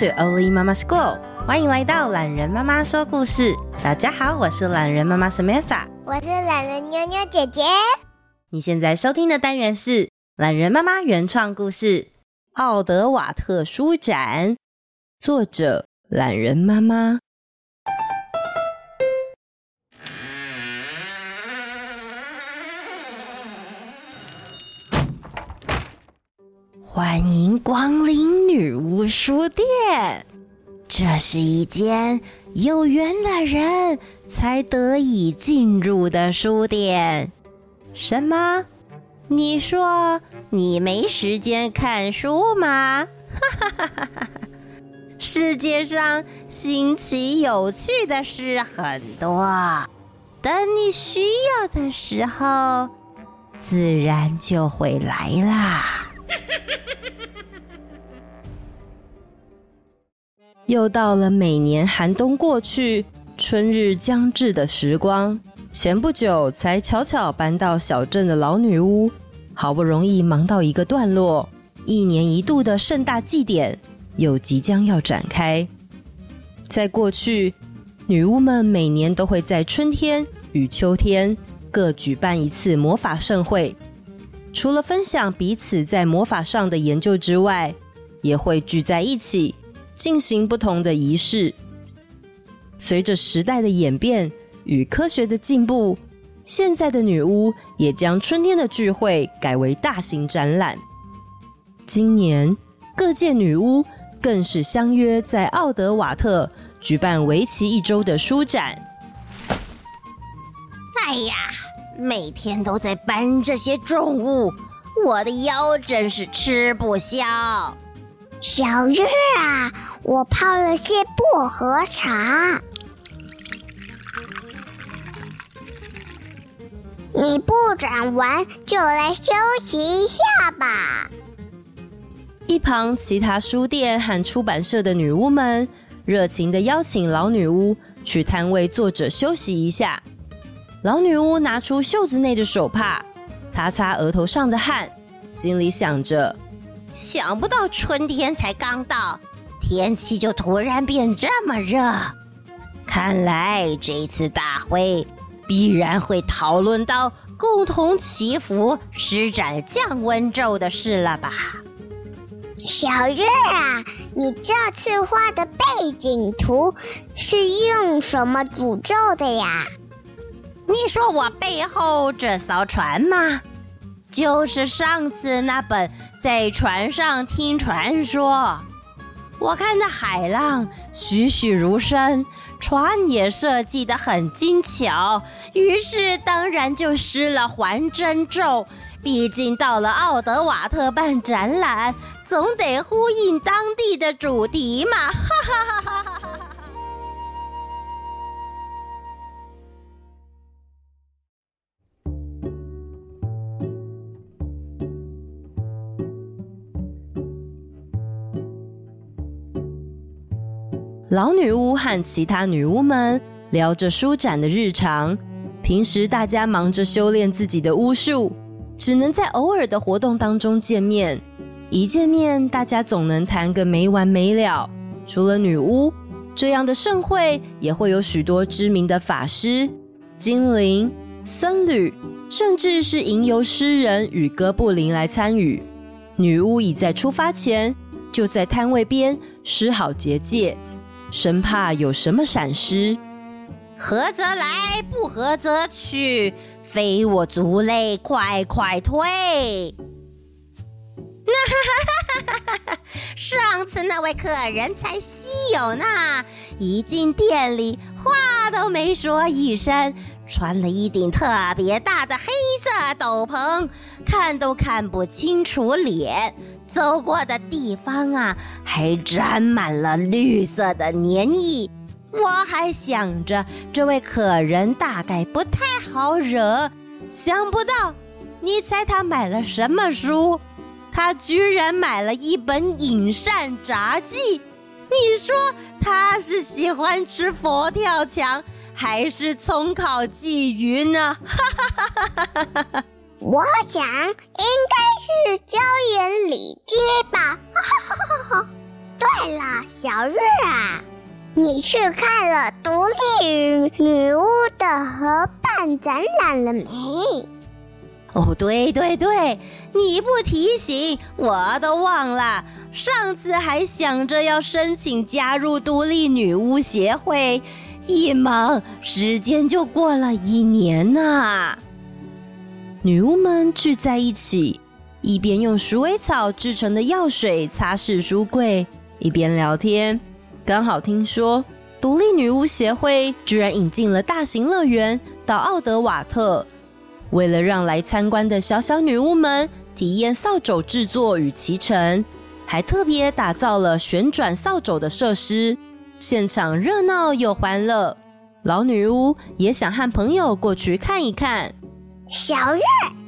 To Oli Mama School，歡迎來到欖仁媽媽說故事。大家好，我是欖仁媽媽 Samantha，我是欖仁妞妞姐姐。你現在收聽的單元是欖仁媽媽原創故事《奧德瓦特書展》，作者欖仁媽媽。歡迎光臨女巫書店，這是一間有緣的人才得以進入的書店。什麼？你說你沒時間看書嗎？哈哈哈哈哈哈！世界上新奇有趣的事很多，等你需要的時候，自然就會來啦。 又到了每年寒冬過去、春日將至的時光。前不久才悄悄搬到小鎮的老女巫，好不容易忙到一個段落，一年一度的盛大祭典又即將要展開。在過去，女巫們每年都會在春天與秋天各舉辦一次魔法盛會，除了分享彼此在魔法上的研究之外，也會聚在一起。進行不同的儀式。隨着時代的演變與科學的進步，現在的女巫也將春天的聚會改為大型展覽。今年，各界女巫更是相約在奧德瓦特舉辦為期一周的書展。哎呀，每天都在搬這些重物，我的腰真是吃不消。小月啊！我泡了些薄荷茶，你布展完就來休息一下吧。一旁其他書店和出版社的女巫們熱情的邀請老女巫去攤位坐着休息一下。老女巫拿出袖子內的手帕，擦擦額頭上的汗，心裡想着：想不到春天才剛到。天氣就突然變這麼熱，看來這次大會必然會討論到共同祈福、施展降溫咒的事了吧？小月啊，你這次畫的背景圖是用什麼詛咒的呀？你說我背後這艘船嗎？啊，就是上次那本在船上聽傳說。我看那海浪栩栩如生，船也設計得很精巧，於是當然就施了還真咒。畢竟到了奧德瓦特辦展覽，總得呼應當地的主題嘛，哈哈哈哈。老女巫和其他女巫們聊着書展的日常。平時大家忙着修煉自己的巫術，只能在偶爾的活動當中見面。一見面，大家總能談個沒完沒了。除了女巫，這樣的盛會也會有許多知名的法師、精靈、僧侶，甚至是吟遊詩人與哥布林來參與。女巫已在出發前就在攤位邊施好結界。生怕有什麼閃失，合則來，不合則去，非我族類，快快退！哈， 上次那位客人才稀有呢，一進店裡話都沒說一聲，穿了一頂特別大的黑色斗篷，看都看不清楚臉。走過的地方啊，還沾滿了綠色的粘液。我還想着這位客人大概不太好惹，想不到，你猜他買了什麼書？他居然買了一本《飲膳札記》。你說他是喜歡吃佛跳牆，還是蔥烤鯽魚呢？哈哈哈哈哈哈！我想應該是椒鹽里脊吧。 對了，小日啊，你去看了獨立女巫的合辦展覽了沒？哦，對對對，你不提醒我都忘了。上次還想着要申請加入獨立女巫協會，一忙時間就過了一年呢啊。女巫們聚在一起，一邊用鼠尾草制成的藥水擦拭書櫃，一邊聊天。剛好聽說獨立女巫協會居然引進了大型樂園到奧德瓦特，為了讓來參觀的小小女巫們體驗掃帚製作與騎乘，還特別打造了旋轉掃帚的設施，現場熱鬧又歡樂。老女巫也想和朋友過去看一看。小月，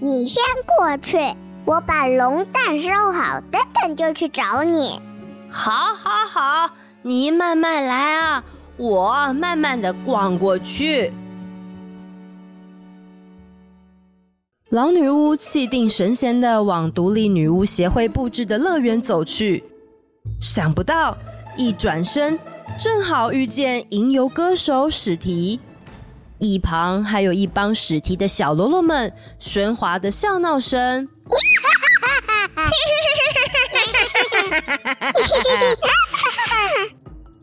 你先過去，我把龍蛋收好，等等就去找你。好，好，好，你慢慢來啊，我慢慢的逛過去。老女巫氣定神閒的往獨立女巫協會佈置的樂園走去，想不到一轉身，正好遇見吟遊歌手史提。一旁還有一幫史提的小嘍囉們喧譁的笑鬧聲，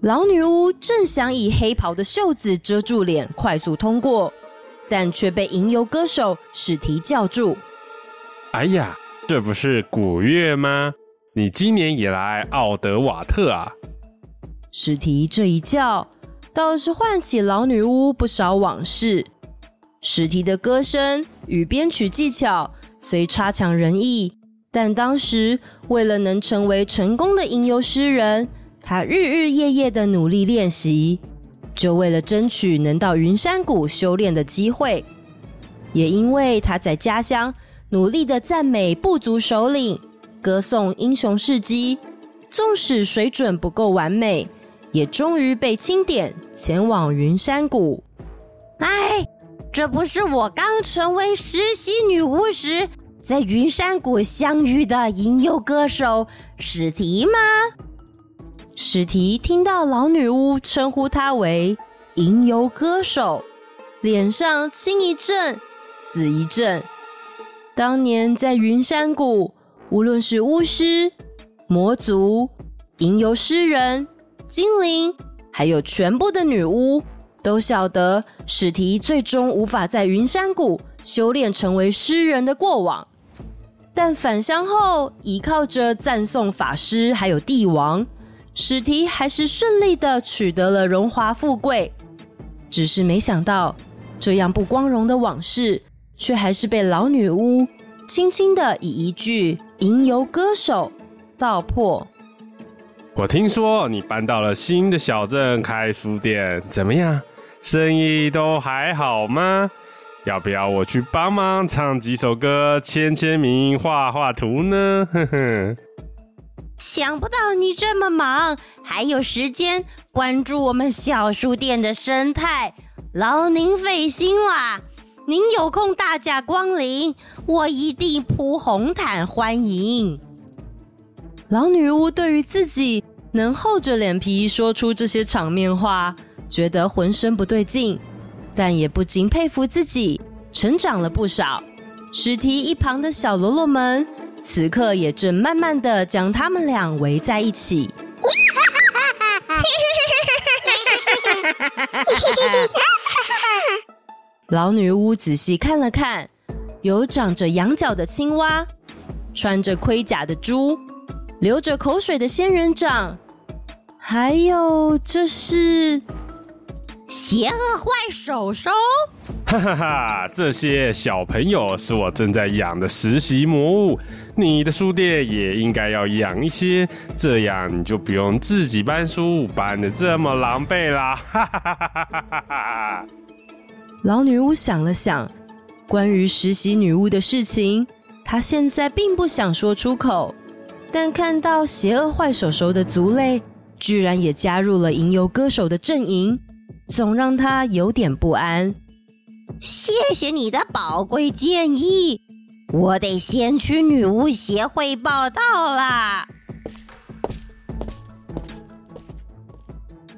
老女巫正想以黑袍的袖子遮住臉，快速通過，但卻被吟遊歌手史提叫住。哎呀，這不是古月嗎？你今年以來奧德瓦特啊！史提這一叫。倒是喚起老女巫不少往事。史提的歌聲與編曲技巧雖差強人意，但當時為了能成為成功的吟遊詩人，他日日夜夜的努力練習，就為了爭取能到雲山谷修煉的機會。也因為他在家鄉努力的讚美部族首領，歌頌英雄事蹟，縱使水準不夠完美。也終於被欽點前往雲山谷。哎，這不是我剛成為實習女巫時在雲山谷相遇的吟遊歌手史提嗎？史提聽到老女巫稱呼他為吟遊歌手，臉上青一陣，紫一陣。當年在雲山谷，無論是巫師、魔族、吟遊詩人。精靈，還有全部的女巫，都曉得史提最終無法在雲山谷修煉成為詩人的過往。但返鄉後，依靠着讚頌法師，還有帝王，史提還是順利地取得了榮華富貴。只是沒想到，這樣不光榮的往事，卻還是被老女巫輕輕地以一句吟遊歌手道破。我聽說你搬到了新的小鎮開書店，怎麼樣？生意都還好嗎？要不要我去幫忙唱幾首歌、簽簽名、畫畫圖呢？呵呵。想不到你這麼忙，還有時間關注我們小書店的生態，勞您費心啦！您有空大駕光臨，我一定鋪紅毯歡迎。老女巫對於自己能厚着臉皮說出這些場面話，覺得渾身不對勁，但也不禁佩服自己成長了不少。屍體一旁的小嘍囉們，此刻也正慢慢的將他們倆圍在一起。 老女巫仔細看了看，有長着羊角的青蛙，穿着盔甲的豬。流着口水的仙人掌，還有這是邪惡壞手手，哈哈哈哈！這些小朋友是我正在養的實習魔物，你的書店也應該要養一些，這樣你就不用自己搬書搬的這麼狼狽啦！哈哈哈哈哈哈！老女巫想了想，關於實習女巫的事情，她現在並不想說出口。但看到邪惡壞手手的族類居然也加入了吟遊歌手的陣營，總讓他有點不安。謝謝你的寶貴建議，我得先去女巫協會報到啦。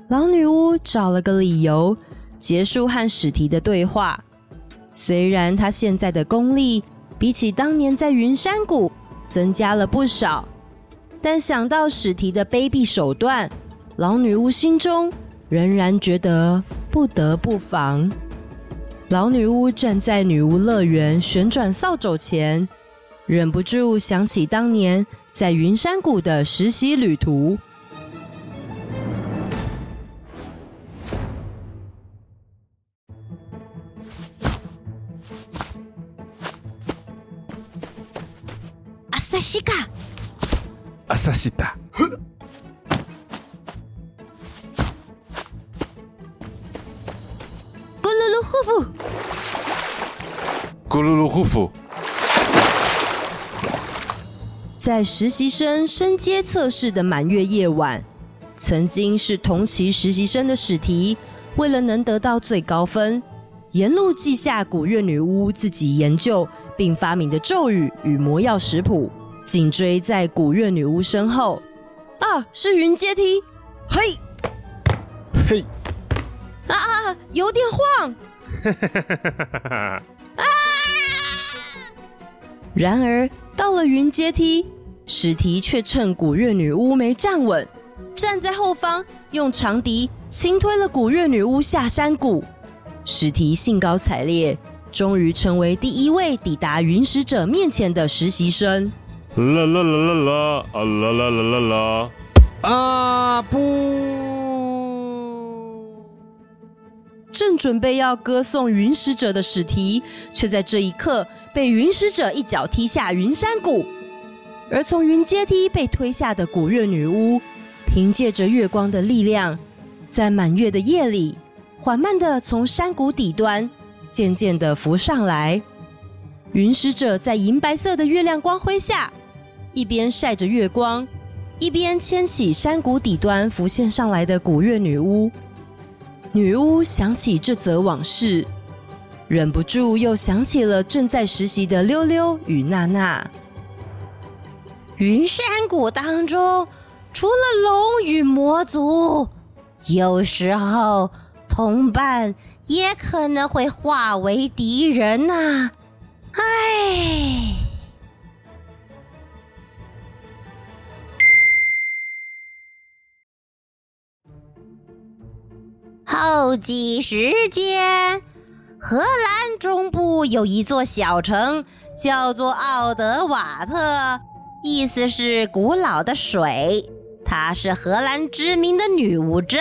老女巫找了個理由結束和史提的對話。雖然她現在的功力比起當年在雲山谷增加了不少。但想到史提的卑鄙手段，老女巫心中仍然覺得不得不防。老女巫站在女巫樂園旋轉掃帚前，忍不住想起當年在雲山谷的實習旅途。阿薩西達！咕嚕嚕呼呼！咕嚕嚕呼呼！在實習生升階測試的滿月夜晚，曾經是同期實習生的史提，為了能得到最高分，沿路記下古月女巫自己研究並發明的咒語與魔藥食譜。緊追在古月女巫身後，啊，是雲階梯，嘿，嘿，啊啊，有點晃，哈哈哈哈哈哈啊！然而到了雲階梯，史提卻趁古月女巫沒站穩，站在後方用長笛輕推了古月女巫下山谷。史提興高采烈，終於成為第一位抵達雲使者面前的實習生。啦啦啦啦啦啦啦啦啦啦！啊不！正準備要歌頌雲使者的史提，卻在這一刻被雲使者一腳踢下雲山谷。而從雲階梯被推下的古月女巫，憑借着月光的力量，在滿月的夜裡，緩慢的從山谷底端漸漸的浮上來。雲使者在銀白色的月亮光輝下。一邊曬着月光，一邊牽起山谷底端浮現上來的古月女巫。女巫想起這則往事，忍不住又想起了正在實習的溜溜與娜娜。雲山谷當中，除了龍與魔族，有時候同伴也可能會化為敵人吶、啊。唉。後記時間，荷蘭中部有一座小城，叫做奧德瓦特，意思是“古老的水”。它是荷蘭知名的女巫鎮，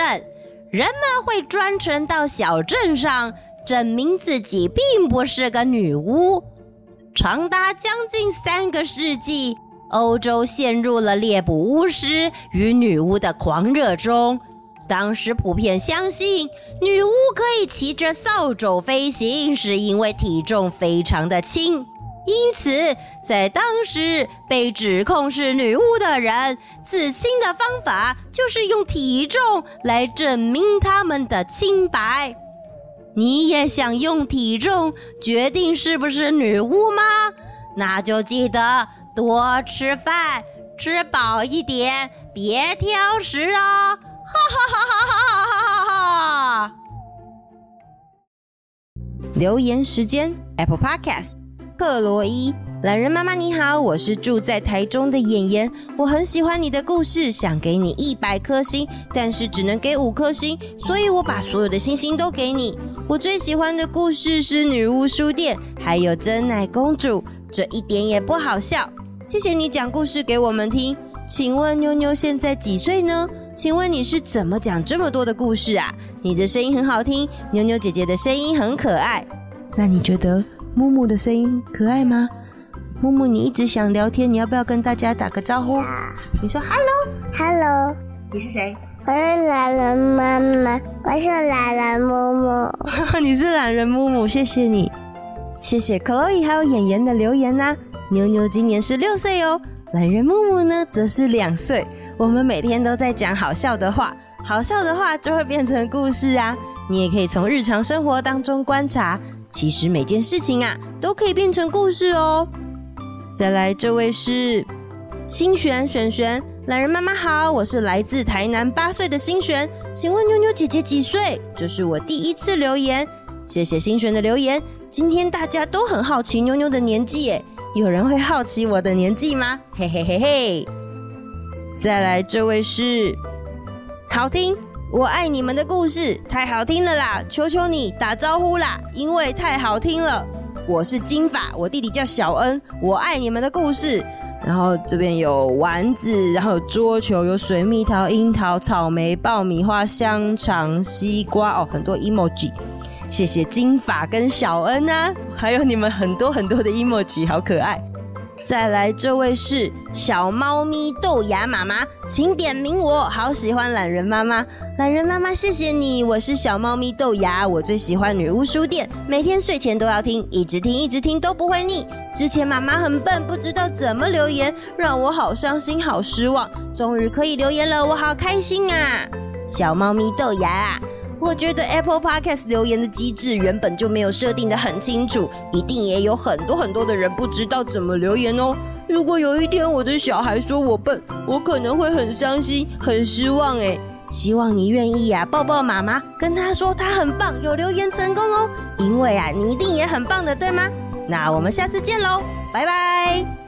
人們會專程到小鎮上證明自己並不是個女巫。長達將近三個世紀，歐洲陷入了獵捕巫師與女巫的狂熱中。當時普遍相信女巫可以騎着掃帚飛行，是因為體重非常的輕。因此，在當時被指控是女巫的人，自清的方法就是用體重來證明他們的清白。你也想用體重決定是不是女巫嗎？那就記得多吃飯，吃飽一點，別挑食哦。哈，哈哈哈哈哈哈哈哈留言時間：Apple Podcast，克羅伊，欖仁媽媽你好，我是住在台中的演員，我很喜歡你的故事，想給你一百顆星，但是只能給五顆星，所以我把所有的星星都給你。我最喜歡的故事是《女巫書店》，還有《珍奶公主》，這一點也不好笑。謝謝你講故事給我們聽，請問妞妞現在幾歲呢？請問你是怎麼講這麼多的故事啊？你的聲音很好聽，妞妞姐姐的聲音很可愛。那你覺得木木的聲音可愛嗎？木木，你一直想聊天，你要不要跟大家打個招呼？Yeah. 你說哈嘍，哈嘍，你是誰？我是欖仁媽媽，我是欖仁木木。 你是欖仁木木，謝謝你，謝謝 Chloe 還有妍妍的留言呢、啊。妞妞今年是六歲哦，欖仁木木呢則是兩歲。我們每天都在講好笑的話，好笑的話就會變成故事啊！你也可以從日常生活當中觀察，其實每件事情啊都可以變成故事哦。再來，這位是星璇璇璇，欖仁媽媽好，我是來自台南八歲的星璇，請問妞妞姐姐幾歲？這、就是我第一次留言，謝謝星璇的留言。今天大家都很好奇妞妞的年紀耶，有人會好奇我的年紀嗎？嘿嘿嘿嘿。再來，這位是好聽，我愛你們的故事，太好聽了啦！求求你打招呼啦，因為太好聽了。我是金髮，我弟弟叫小恩，我愛你們的故事。然後這邊有丸子，然後有桌球，有水蜜桃、櫻桃、草莓、爆米花、香腸、西瓜，哦，很多 emoji。謝謝金髮跟小恩呢、啊，還有你們很多很多的 emoji，好可愛。再來，這位是小貓咪豆芽媽媽，請點名我。好喜歡欖仁媽媽，欖仁媽媽謝謝你。我是小貓咪豆芽，我最喜歡女巫書店，每天睡前都要聽，一直聽一直聽都不會膩。之前媽媽很笨，不知道怎麼留言，讓我好傷心，好失望。終於可以留言了，我好開心啊！小貓咪豆芽啊。我覺得 Apple Podcast 留言的機制原本就沒有設定得很清楚，一定也有很多很多的人不知道怎麼留言哦。如果有一天我的小孩說我笨，我可能會很傷心、很失望誒。希望你願意啊，抱抱媽媽，跟她說她很棒，有留言成功哦。因為啊，你一定也很棒的，對嗎？那我們下次見嘍，拜拜。